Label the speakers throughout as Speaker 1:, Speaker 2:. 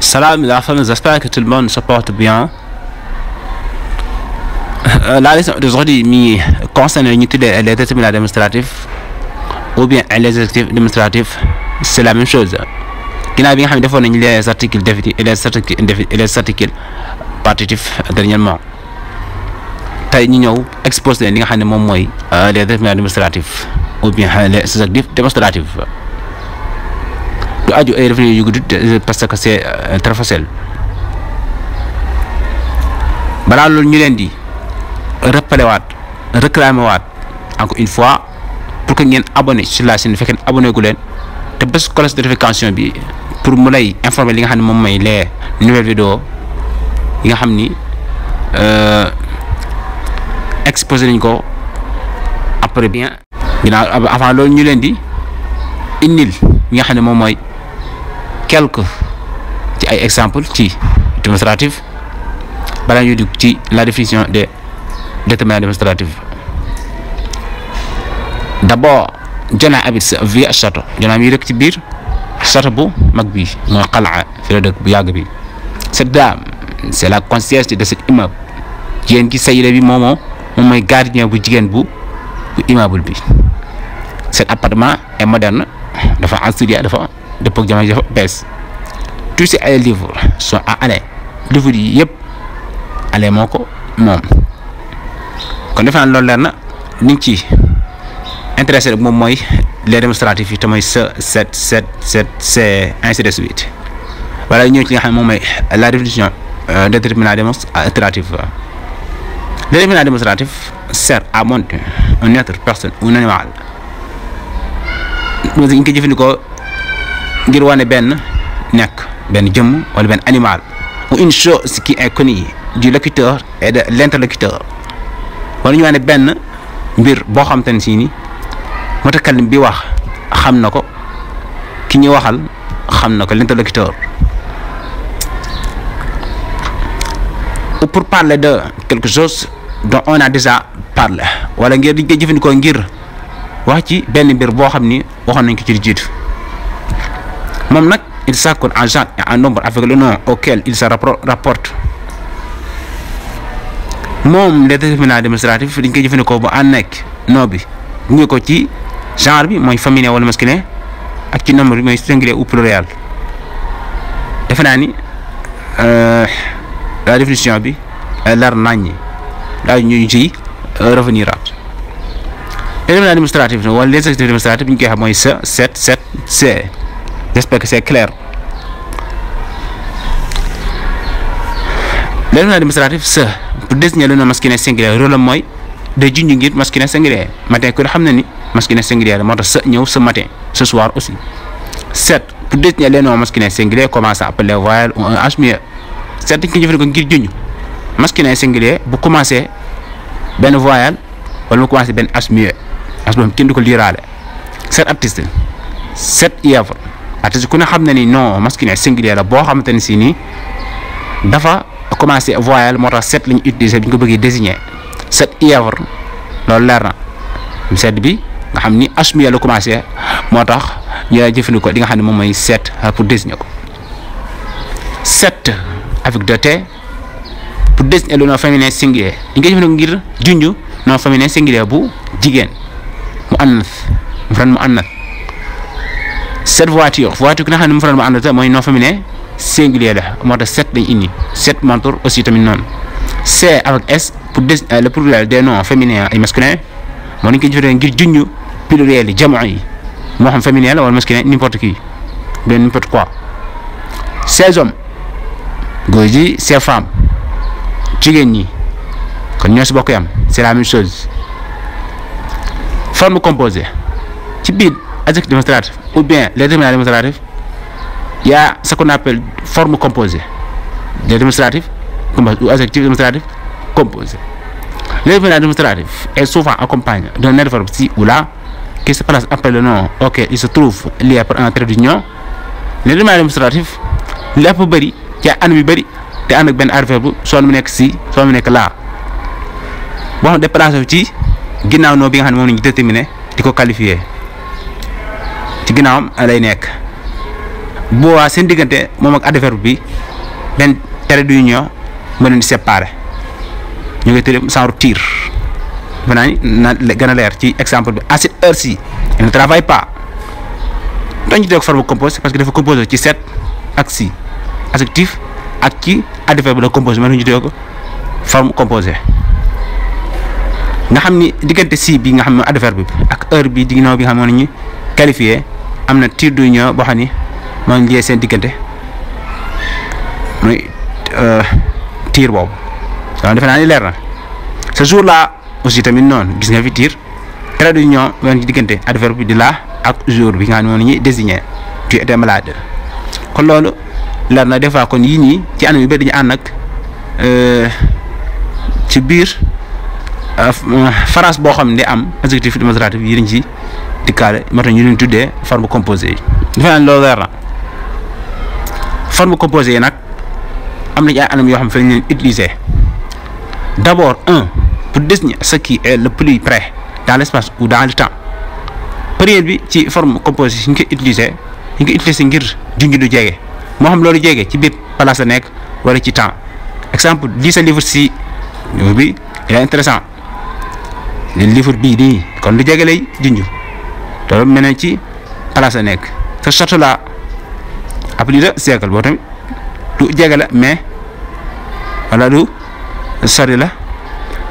Speaker 1: Salam la famille, j'espère que tout le monde se porte bien. Euh, la leçon d'aujourd'hui me concerne l'unité des déterminants démonstratifs ou bien les adjectifs démonstratifs. C'est la même chose. Ginnaaw bi nga xam ne defoon nañu les articles définitifs et les articles indéfinitifs et les articles partitifs dernièrement. tey ñu ñëw exposé li nga xam ne moom mooy euh, les déterminants démonstratifs ou bien euh, les adjectifs du aju ay revenus yu gudd euh, parce que c'est euh, très balaa loolu ñu leen di rappelé waat réclamé waat encore une fois pour que ngeen abonné sur la chaîne bu fekkee abonné gu leen te bés cloche de notification bi pour mu lay informer li nga xam ne moom mooy les nouvelles vidéos yi nga xam ni euh, exposé nañ ko après bien. ginnaaw avant loolu ñu leen di indil yi nga xam ne moom mooy. quelques ci ay exemples ci démonstratif balaa ñuy dugg ci la définition des déterminants démonstratifs d'abord Jona habite sa vie à château Jona mi rek ci biir château bu mag bi mooy xalaa fi la bu yàgg bi cette dame c'est la concierge de cet immeuble jigéen gi sayida bi moomoo moom mooy gardien bu jigéen bu bu bi cet appartement est moderne dafa en dafa dëppoo ak jamono ji dafa bees tuuti ay livres sont à année livres yi yëpp année ko moom kon defe naa loolu leer na ni ci intéressé rek moom mooy les démonstratifs yi te mooy sa set set set c'est ainsi de suite wala ñëw ci nga xam moom mooy la définition euh, déterminant démonstratif euh, le déterminant démonstratif sert à montrer un être personne ou un animal ñu ko ngir wane benn nekk benn jëm wala benn animal ou une chose qui est connue du locuteur et de l'interlocuteur wala ñu wane benn mbir boo xam te ne si ni mutakallim bi wax xam na ko ki ñu waxal xam na ko l'interlocuteur ou pour parler de quelque chose dont on a déjà parlé wala ngir diñ koy jëfandikoo ngir wax ci benn mbir boo xam ni waxoon nañ ko ci di jiitu moom nag il s'accorde en genre et en nombre avec le nom auquel il se rapporte moom déterminant démonstratif dañ koy jëfandikoo ba ànd nekk nom bi mu ngi ko ci genre bi mooy féminin wala masculin ak ci nombre bi mooy singulier ou pluriel defe naa ni euh, la définition bi leer naññi daal ñu ciy euh, revenir at déterminant démonstratif wala les adjectifs démonstratifs bi ñu koy xam mooy sa set set j'espère que c'est clair le nom administratif sa pour désigner le nom masculin singulier rôle mooy day junj ngir masculin singulier matin ku xam na ni masculin singulier moo tax sa ñëw ce matin ce soir aussi sept pour désigner les noms masculins singuliers commence par les voyelles ou un H muet seet dañ koy jëfandikoo ngir bu commencé benn voyelle wala mu commencé benn H muet H boobu kenn du ko liiraale sept artistes sept artiste ku ne xam na ni non masculin singulier la boo xamante ne si nii dafa commencé voyelle moo tax set la ñu utiliser bi ñu bëggee désigner set loolu leer na bi nga xam ni asmiya la commencé moo tax ñu lay jëfandikoo di nga xam ne moom mooy set pour désigner ko set avec deux T pour désigner le nom féminin singulier di nga jëfandikoo ngir junj nom féminin singulier bu jigéen mu annath mu ren mu annath cette voiture voiture ki nga xam ne mufrad ba ànd ta mooy nom féminin singulier la moo tax sept lañ indi sept mentor aussi tamit noonu c avec s pour des euh, le pluriel des noms féminins moo nañ koy jëfandikoo ngir junj pluriel yi jamono yi moo xam féminin la wala masculin n'importe qui de n'importe quoi ces hommes góor ji ces femmes jigéen ñi kon ñoo si bokk yam c'est la même chose forme composée adjectif démonstratif ou bien les déterminants démonstratifs, il y a ce qu'on appelle forme composée. Les démonstratifs ou adjectifs démonstratifs composés. Les déterminants démonstratifs est souvent accompagné d'un adverbe ci ou là qui se place après le nom trouve lié par un trait d'union. Les déterminants démonstratifs lépp bëri ci an bi bëri te ànd ak benn adverbe soo mu nekk ci soo nekk laa boo xam déplacé ci ginnaaw noo bi nga xam ne moom la ñu déterminé di ko qualifié. ginnaawam eh, lay nekk boobaa seen diggante moom ak adversaire bi benn trait d'union moo leen di séparé ñu ngi tuddee genre tir defe naa ni gën a leer ci exemple bi à cette heure-ci il ne pas dañ ci dégg forme composée parce que dafa composé ci set ak si adjectif ak ci adverbe bi la composé mën nañu dégg ko forme composée nga xam ni diggante si bi nga xam ne adverbe bi ak heure bi ginnaaw bi nga xam ne ñu qualifié. am na tiir du ñëw boo xam ni moo ngi seen diggante muy euh, tiir boobu loolu defe naa ni leer na ce jour là aussi tamit noonu gis nga fi tiir trait d'union moo ci diggante adverbe bi di la ak jour bi nga xam ne moom la ñuy désigner tu kon loolu leer na des fois kon yii nii ci anam yu bëri dañu ànd nag euh, ci biir phrase euh, boo xam ne am adjectif démonstratif yi dañ ci. dikkaale moo tax ñu leen tuddee forme composée yi defe naa loolu leer na forme yi nag am nañ ay anam yoo xam fa ñu leen utiliser d'abord un pour désigner ce qui est le plus près dans l'espace ou dans le temps période bi ci form composée yi ñu koy utiliser ñu koy utiliser ngir junj du jege moo xam loolu jege ci biir place la nekk wala ci temps exemple lii sa livre si livre bi il est intéressant livre nii kon lu jege lay junj. te loolu mel ne ci place la nekk te château la à plus de siècle boo tamit du jege la mais wala du sori la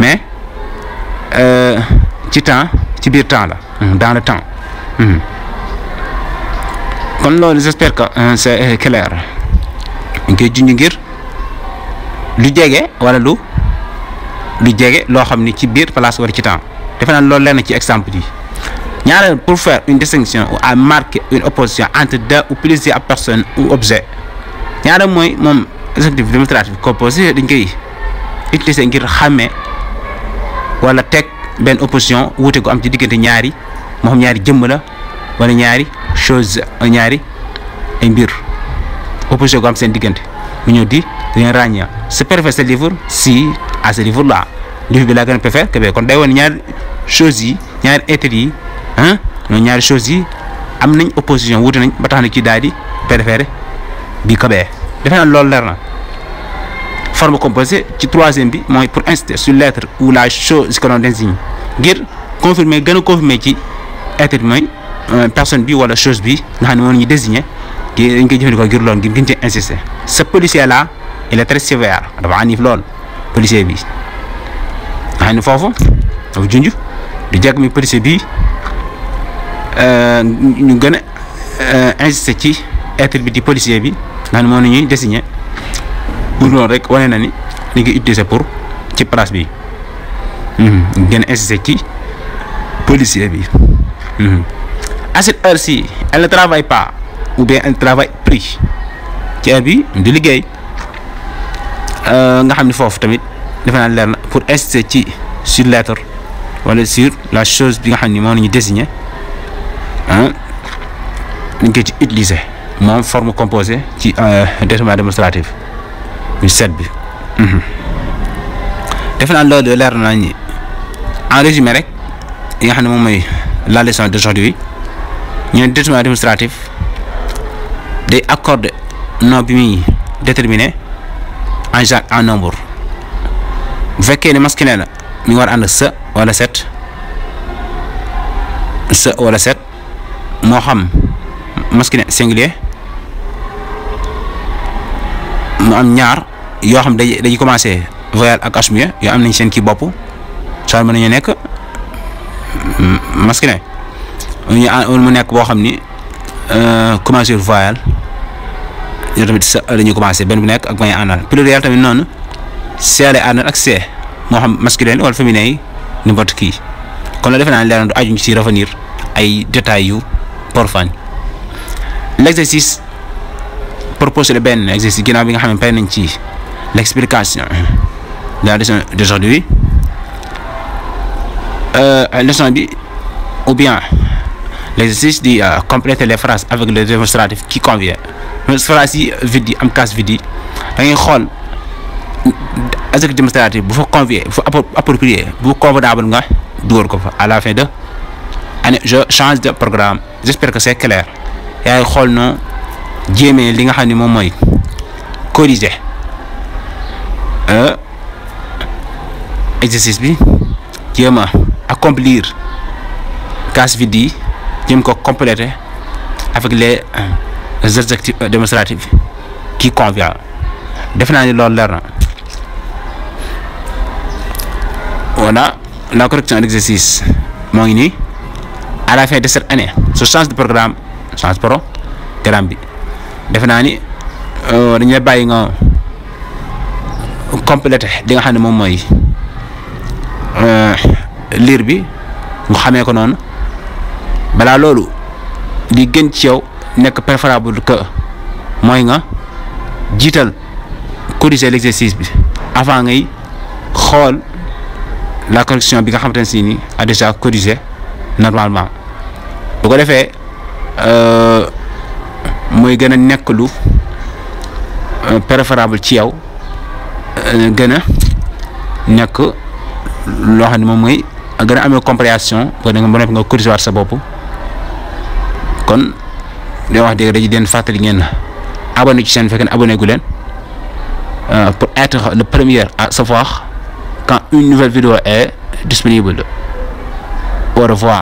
Speaker 1: mais euh, ci temps ci biir temps la euh, dans le temps hmm. kon loolu j'espère que euh, c'est clair koy junj ngir lu jege wala lu lu jege loo xam ni ci biir place war ci temps defe naa loolu lenn ci exemple yi. ñaareel pour faire une distinction ou à marquer une opposition entre deux ou plusieurs personnes ou objets ñaareel mooy moom adjectif démonstratif composé dañ koy utiliser ngir xàmmee wala teg benn opposition wuute gu am ci diggante ñaari moom ñaari jëmm wala ñaari chose ñaari ay mbir opposition gu am seen diggante mu ñëw di leen ràññee je préfère ce livre si à ce livre là livre bi laa gën a kon day woon ñaari chose yi ñaari être yi ah ñoom ñaari choses yi am nañ opposition wuute nañ ba tax na ci daal di préféré bii ko bee defe naa loolu leer na forme composée ci troisième bi mooy pour insister su l'être ou la chose que l'on désigne ngir confirmer gën a ci être bi mooy euh, personne bi wala chose bi nga xam ne moom la ñu désigner kii dañ koy jëfandikoo ngir loolu ngir gën cee insister ce policier là il est très sévère dafa àndiif lool policier bi nga xam ne foofu dafa junj du jekk mi policier bi. Euh, ñu gën a euh, insister ci être bi di policier bi nga ne moo ñuy désigner pour loolu rek wane na ni ñu ngi utiliser pour ci place bi hmm, ñu gën a insister ci policier bi. Hmm. à cette heure-ci elle pas ou bien elle travaille pris ci heure bi di liggéey euh, nga xam ne foofu tamit defe naa leer na pour insister ci sur l'être wala sur la chose bi nga xam ni moo ñuy désigner. ah dañ koy ci utiliser maanaam forme composée ci euh, document démonstratif bu set bi mhm. defe naa loolu leer naa ñi en résumé rek i nga xam ne moom mooy la leçon de ñu ne document démonstratif day accorde nom bi muy déterminé en genre en nombre bu fekkee ne masculin la mi war ànd sa set sa set moo xam masculin singulier mu am ñaar yoo xam dañuy dañuy commencé voyelle ak asmuye yoo am nañ seen ki bopp soit mën nañu nekk masculin mu nekk boo xam ni euh, commencé voyelle ñoo tamit sa la ñuy benn bu nekk ak may àndal pluriel tamit noonu see lay ak see moo xam masculin wala féminin yi n'importe kii kon la defe naa leer na du aju ñu ci ay détails Korfaañ l'exercice proposé le benn exercice ginnaaw bi nga xam ne pare nañ ci l'explication de la leçon d'aujourd'hui euh, leçon bi ou bien l'exercice di euh, compléter les phrases avec le démonstratif qui convient phrase yi vide am case vide yi da xool avec démonstratif bu fa convient bu fa approprié bu convenable nga dugal ko fa à la fin de ne je change de programme j'espère que c'est clair yaay xool noo jéemee li nga xam ni moom mooy corriger euh, exercice bi jéem a accomplir cases vides yi jéem ko compléter avec les euh, objectifs euh, démonstratifs qui convient def naa ni loolu leer na la correction d'exercice moo ngi nii à la fin de cette année su change de programme change programme bi defe naa ni euh, dañu la bàyyi nga complété li nga xam ne moom mooy euh, liir bi nga xamee ko noonu balaa loolu di gën ci yow nekk préférable que mooy nga jiital corriger l'exercice bi avant ngay xool la correction bi nga xam ne si ni a déjà corrigé normalement boo ko defee euh, mooy gën a nekk lu euh, préférable ci yow euh, gën a nekk loo xam ne moom mooy gën a amee compréhension ba nga mën nga corriger sa bopp kon day wax dëgg dañuy leen fàttali ngeen abonné ci seen fekkee abonné gu leen pour être le premier à savoir quand une nouvelle vidéo est disponible au revoir.